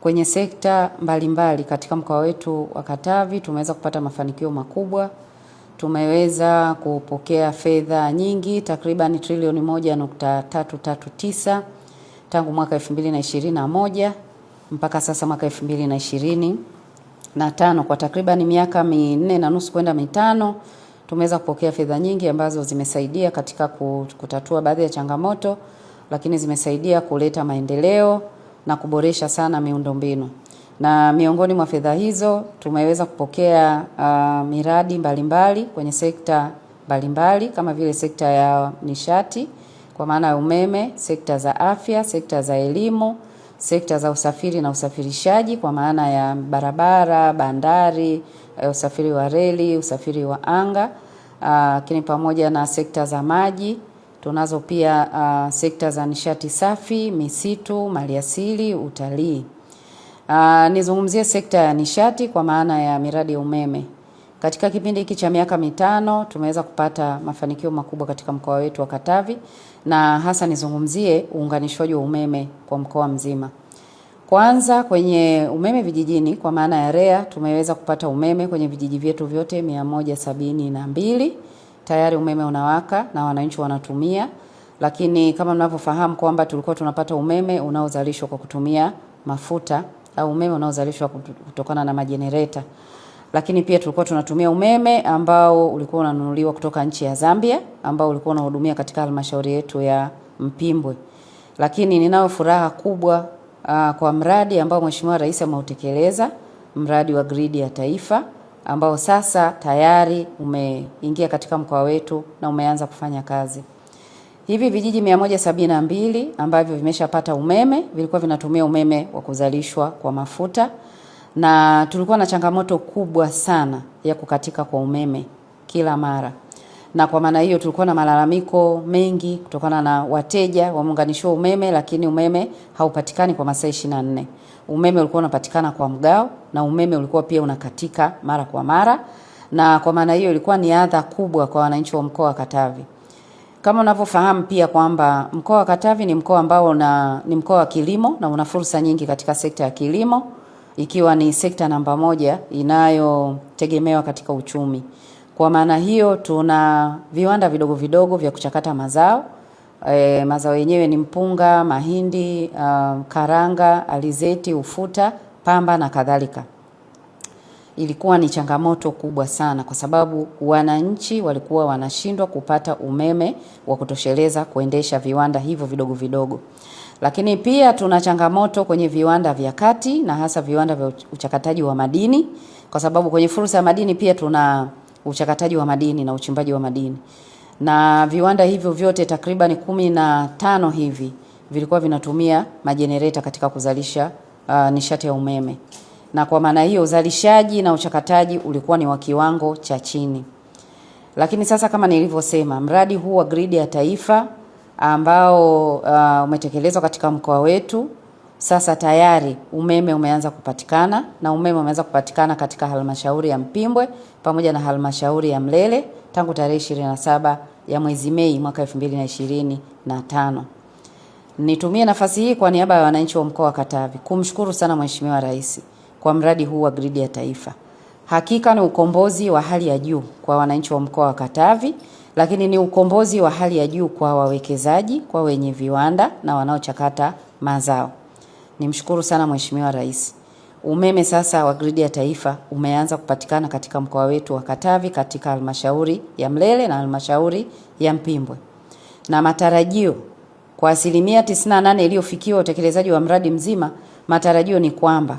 Kwenye sekta mbalimbali mbali, katika mkoa wetu wa Katavi tumeweza kupata mafanikio makubwa. Tumeweza kupokea fedha nyingi takriban trilioni moja nukta tatu tatu tisa tangu mwaka moja mpaka sasa mwaka na tano kwa takriban miaka minne na nusu kwenda mitano tumeweza kupokea fedha nyingi ambazo zimesaidia katika kutatua baadhi ya changamoto, lakini zimesaidia kuleta maendeleo na kuboresha sana miundombinu. Na miongoni mwa fedha hizo tumeweza kupokea uh, miradi mbalimbali mbali, kwenye sekta mbalimbali mbali, kama vile sekta ya nishati kwa maana ya umeme, sekta za afya, sekta za elimu, sekta za usafiri na usafirishaji kwa maana ya barabara, bandari, eh, usafiri wa reli, usafiri wa anga, uh, lakini uh, pamoja na sekta za maji Tunazo pia uh, sekta za nishati safi, misitu, maliasili, utalii. Uh, nizungumzie sekta ya nishati kwa maana ya miradi ya umeme. Katika kipindi hiki cha miaka mitano tumeweza kupata mafanikio makubwa katika mkoa wetu wa Katavi na hasa nizungumzie uunganishwaji wa umeme kwa mkoa mzima. Kwanza kwenye umeme vijijini kwa maana ya REA tumeweza kupata umeme kwenye vijiji vyetu vyote mia moja sabini na mbili tayari umeme unawaka na wananchi wanatumia, lakini kama mnavyofahamu kwamba tulikuwa tunapata umeme unaozalishwa kwa kutumia mafuta au umeme unaozalishwa kutokana na majenereta, lakini pia tulikuwa tunatumia umeme ambao ulikuwa unanunuliwa kutoka nchi ya Zambia ambao ulikuwa unahudumia katika halmashauri yetu ya Mpimbwe. Lakini ninayo furaha kubwa uh, kwa mradi ambao Mheshimiwa Rais ameutekeleza, mradi wa gridi ya taifa ambao sasa tayari umeingia katika mkoa wetu na umeanza kufanya kazi. Hivi vijiji 172 ambavyo vimeshapata umeme vilikuwa vinatumia umeme wa kuzalishwa kwa mafuta, na tulikuwa na changamoto kubwa sana ya kukatika kwa umeme kila mara na kwa maana hiyo tulikuwa na malalamiko mengi kutokana na wateja wameunganishiwa umeme, lakini umeme haupatikani kwa masaa 24. Umeme ulikuwa unapatikana kwa mgao na umeme ulikuwa pia unakatika mara kwa mara, na kwa maana hiyo ilikuwa ni adha kubwa kwa wananchi wa mkoa wa Katavi. Kama unavyofahamu pia kwamba mkoa wa Katavi ni mkoa ambao una, ni mkoa wa kilimo na una fursa nyingi katika sekta ya kilimo ikiwa ni sekta namba moja inayotegemewa katika uchumi. Kwa maana hiyo tuna viwanda vidogo vidogo vya kuchakata mazao e, mazao yenyewe ni mpunga, mahindi, uh, karanga, alizeti, ufuta, pamba na kadhalika. Ilikuwa ni changamoto kubwa sana kwa sababu wananchi walikuwa wanashindwa kupata umeme wa kutosheleza kuendesha viwanda hivyo vidogo vidogo. Lakini pia tuna changamoto kwenye viwanda vya kati na hasa viwanda vya uchakataji wa madini kwa sababu kwenye fursa ya madini pia tuna uchakataji wa madini na uchimbaji wa madini, na viwanda hivyo vyote takriban kumi na tano hivi vilikuwa vinatumia majenereta katika kuzalisha uh, nishati ya umeme, na kwa maana hiyo uzalishaji na uchakataji ulikuwa ni wa kiwango cha chini. Lakini sasa kama nilivyosema, mradi huu wa gridi ya taifa ambao uh, umetekelezwa katika mkoa wetu sasa tayari umeme umeanza kupatikana na umeme umeanza kupatikana katika halmashauri ya Mpimbwe pamoja na halmashauri ya Mlele tangu tarehe 27 ya mwezi Mei mwaka 2025. Nitumie nafasi hii kwa niaba ya wananchi wa mkoa wa Katavi kumshukuru sana Mheshimiwa Rais kwa mradi huu wa gridi ya taifa. Hakika ni ukombozi wa hali ya juu kwa wananchi wa mkoa wa Katavi, lakini ni ukombozi wa hali ya juu kwa wawekezaji, kwa wenye viwanda na wanaochakata mazao. Nimshukuru sana Mheshimiwa Rais. Umeme sasa wa gridi ya taifa umeanza kupatikana katika mkoa wetu wa Katavi katika halmashauri ya Mlele na halmashauri ya Mpimbwe, na matarajio kwa asilimia 98 iliyofikiwa utekelezaji wa mradi mzima, matarajio ni kwamba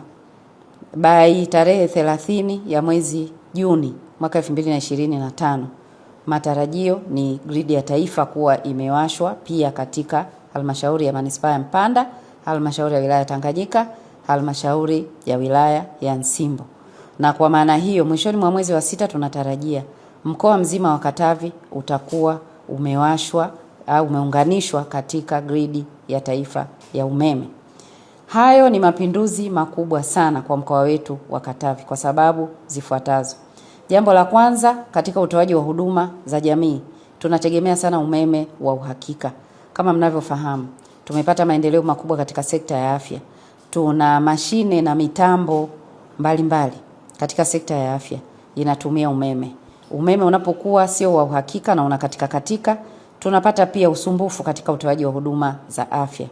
bai tarehe 30 ya mwezi Juni mwaka 2025 matarajio ni gridi ya taifa kuwa imewashwa pia katika halmashauri ya manispaa ya Mpanda halmashauri ya wilaya Tanganyika, halmashauri ya wilaya ya Nsimbo. Na kwa maana hiyo, mwishoni mwa mwezi wa sita tunatarajia mkoa mzima wa Katavi utakuwa umewashwa au umeunganishwa katika gridi ya taifa ya umeme. Hayo ni mapinduzi makubwa sana kwa mkoa wetu wa Katavi kwa sababu zifuatazo. Jambo la kwanza, katika utoaji wa huduma za jamii tunategemea sana umeme wa uhakika. Kama mnavyofahamu, tumepata maendeleo makubwa katika sekta ya afya. Tuna mashine na mitambo mbalimbali mbali katika sekta ya afya inatumia umeme. Umeme unapokuwa sio wa uhakika na unakatika katika, tunapata pia usumbufu katika utoaji wa huduma za afya.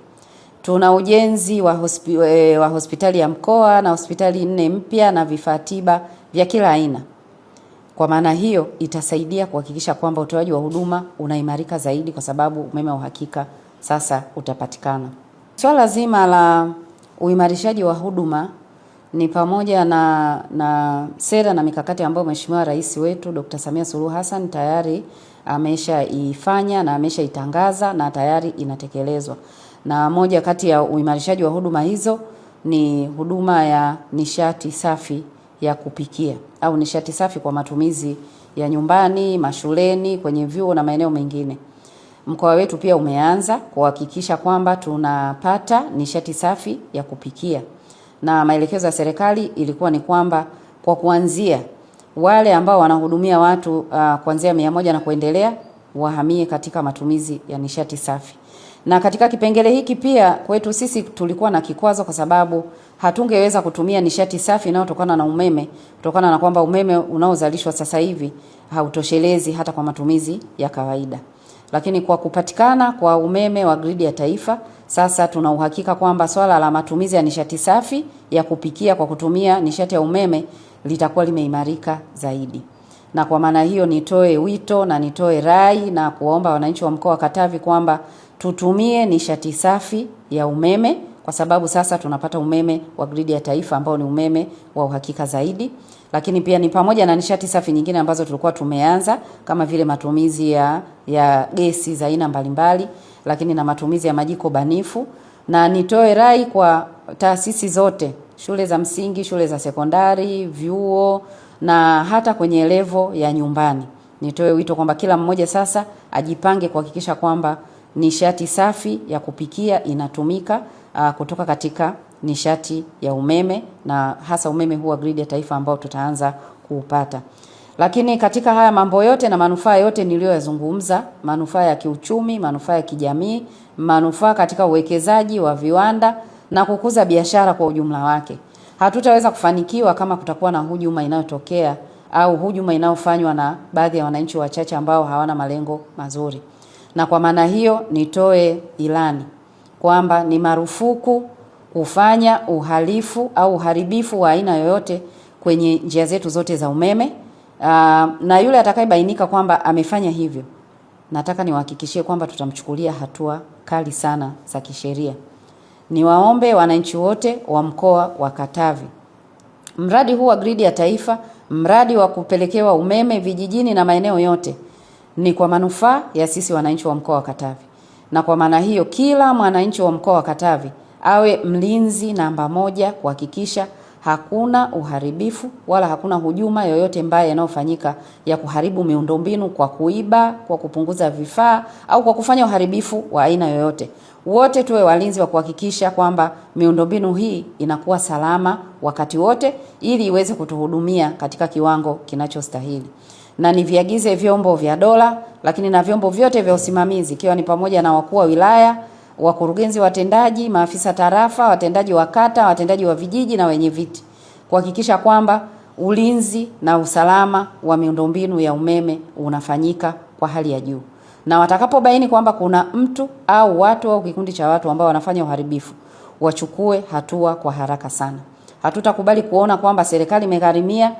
Tuna ujenzi wa, hospi, e, wa hospitali ya mkoa na hospitali nne mpya na vifaa tiba vya kila aina. Kwa maana hiyo itasaidia kuhakikisha kwamba utoaji wa huduma unaimarika zaidi, kwa sababu umeme wa uhakika sasa utapatikana. Swala zima la uimarishaji wa huduma ni pamoja na, na sera na mikakati ambayo Mheshimiwa Rais wetu Dr. Samia Suluhu Hassan tayari ameshaifanya na ameshaitangaza na tayari inatekelezwa, na moja kati ya uimarishaji wa huduma hizo ni huduma ya nishati safi ya kupikia au nishati safi kwa matumizi ya nyumbani, mashuleni, kwenye vyuo na maeneo mengine. Mkoa wetu pia umeanza kuhakikisha kwamba tunapata nishati safi ya kupikia, na maelekezo ya serikali ilikuwa ni kwamba kwa kuanzia wale ambao wanahudumia watu uh, kuanzia mia moja na kuendelea wahamie katika matumizi ya nishati safi. Na katika kipengele hiki pia kwetu sisi tulikuwa na kikwazo, kwa sababu hatungeweza kutumia nishati safi inayotokana na umeme kutokana na kwamba umeme unaozalishwa sasa hivi hautoshelezi hata kwa matumizi ya kawaida. Lakini kwa kupatikana kwa umeme wa gridi ya taifa, sasa tuna uhakika kwamba swala la matumizi ya nishati safi ya kupikia kwa kutumia nishati ya umeme litakuwa limeimarika zaidi. Na kwa maana hiyo, nitoe wito na nitoe rai na kuwaomba wananchi wa mkoa wa Katavi kwamba tutumie nishati safi ya umeme kwa sababu sasa tunapata umeme wa gridi ya taifa ambao ni umeme wa uhakika zaidi, lakini pia ni pamoja na nishati safi nyingine ambazo tulikuwa tumeanza kama vile matumizi ya ya gesi za aina mbalimbali, lakini na matumizi ya majiko banifu. Na nitoe rai kwa taasisi zote, shule za msingi, shule za sekondari, vyuo na hata kwenye levo ya nyumbani, nitoe wito kwamba kila mmoja sasa ajipange kuhakikisha kwamba nishati safi ya kupikia inatumika uh, kutoka katika nishati ya umeme na hasa umeme huu wa gridi ya taifa ambao tutaanza kuupata. Lakini katika haya mambo yote na manufaa yote niliyoyazungumza, manufaa ya kiuchumi, manufaa ya kijamii, manufaa katika uwekezaji wa viwanda na kukuza biashara kwa ujumla wake, hatutaweza kufanikiwa kama kutakuwa na hujuma inayotokea au hujuma inayofanywa na baadhi ya wananchi wachache ambao hawana malengo mazuri. Na kwa maana hiyo nitoe ilani kwamba ni marufuku kufanya uhalifu au uharibifu wa aina yoyote kwenye njia zetu zote za umeme. Aa, ah, na yule atakayebainika kwamba amefanya hivyo, nataka niwahakikishie kwamba tutamchukulia hatua kali sana za kisheria. Niwaombe wananchi wote wa mkoa wa Katavi, mradi huu wa gridi ya taifa, mradi wa kupelekewa umeme vijijini na maeneo yote, ni kwa manufaa ya sisi wananchi wa mkoa wa Katavi na kwa maana hiyo kila mwananchi wa mkoa wa Katavi awe mlinzi namba moja kuhakikisha hakuna uharibifu wala hakuna hujuma yoyote mbaya inayofanyika ya kuharibu miundombinu kwa kuiba, kwa kupunguza vifaa au kwa kufanya uharibifu wa aina yoyote. Wote tuwe walinzi wa kuhakikisha kwamba miundombinu hii inakuwa salama wakati wote ili iweze kutuhudumia katika kiwango kinachostahili na niviagize vyombo vya dola, lakini na vyombo vyote vya usimamizi ikiwa ni pamoja na wakuu wa wilaya, wakurugenzi watendaji, maafisa tarafa, watendaji wa kata, watendaji wa vijiji na wenye viti kuhakikisha kwamba ulinzi na usalama wa miundombinu ya umeme unafanyika kwa hali ya juu, na watakapobaini kwamba kuna mtu au watu au kikundi cha watu ambao wanafanya uharibifu wachukue hatua kwa haraka sana. Hatutakubali kuona kwamba serikali imegharimia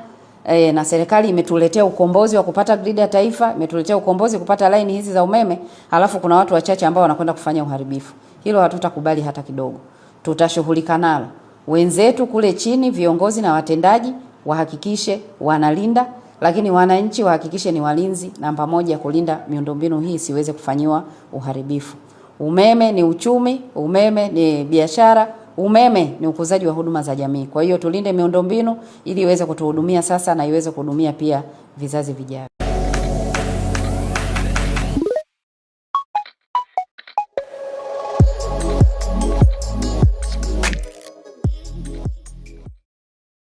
e, na serikali imetuletea ukombozi wa kupata gridi ya taifa, imetuletea ukombozi kupata laini hizi za umeme, halafu kuna watu wachache ambao wanakwenda kufanya uharibifu. Hilo hatutakubali hata kidogo, tutashughulika nalo. Wenzetu kule chini, viongozi na watendaji wahakikishe wanalinda, lakini wananchi wahakikishe ni walinzi namba moja, kulinda miundombinu hii siweze kufanyiwa uharibifu. Umeme ni uchumi, umeme ni biashara Umeme ni ukuzaji wa huduma za jamii. Kwa hiyo tulinde miundombinu ili iweze kutuhudumia sasa na iweze kuhudumia pia vizazi vijavyo.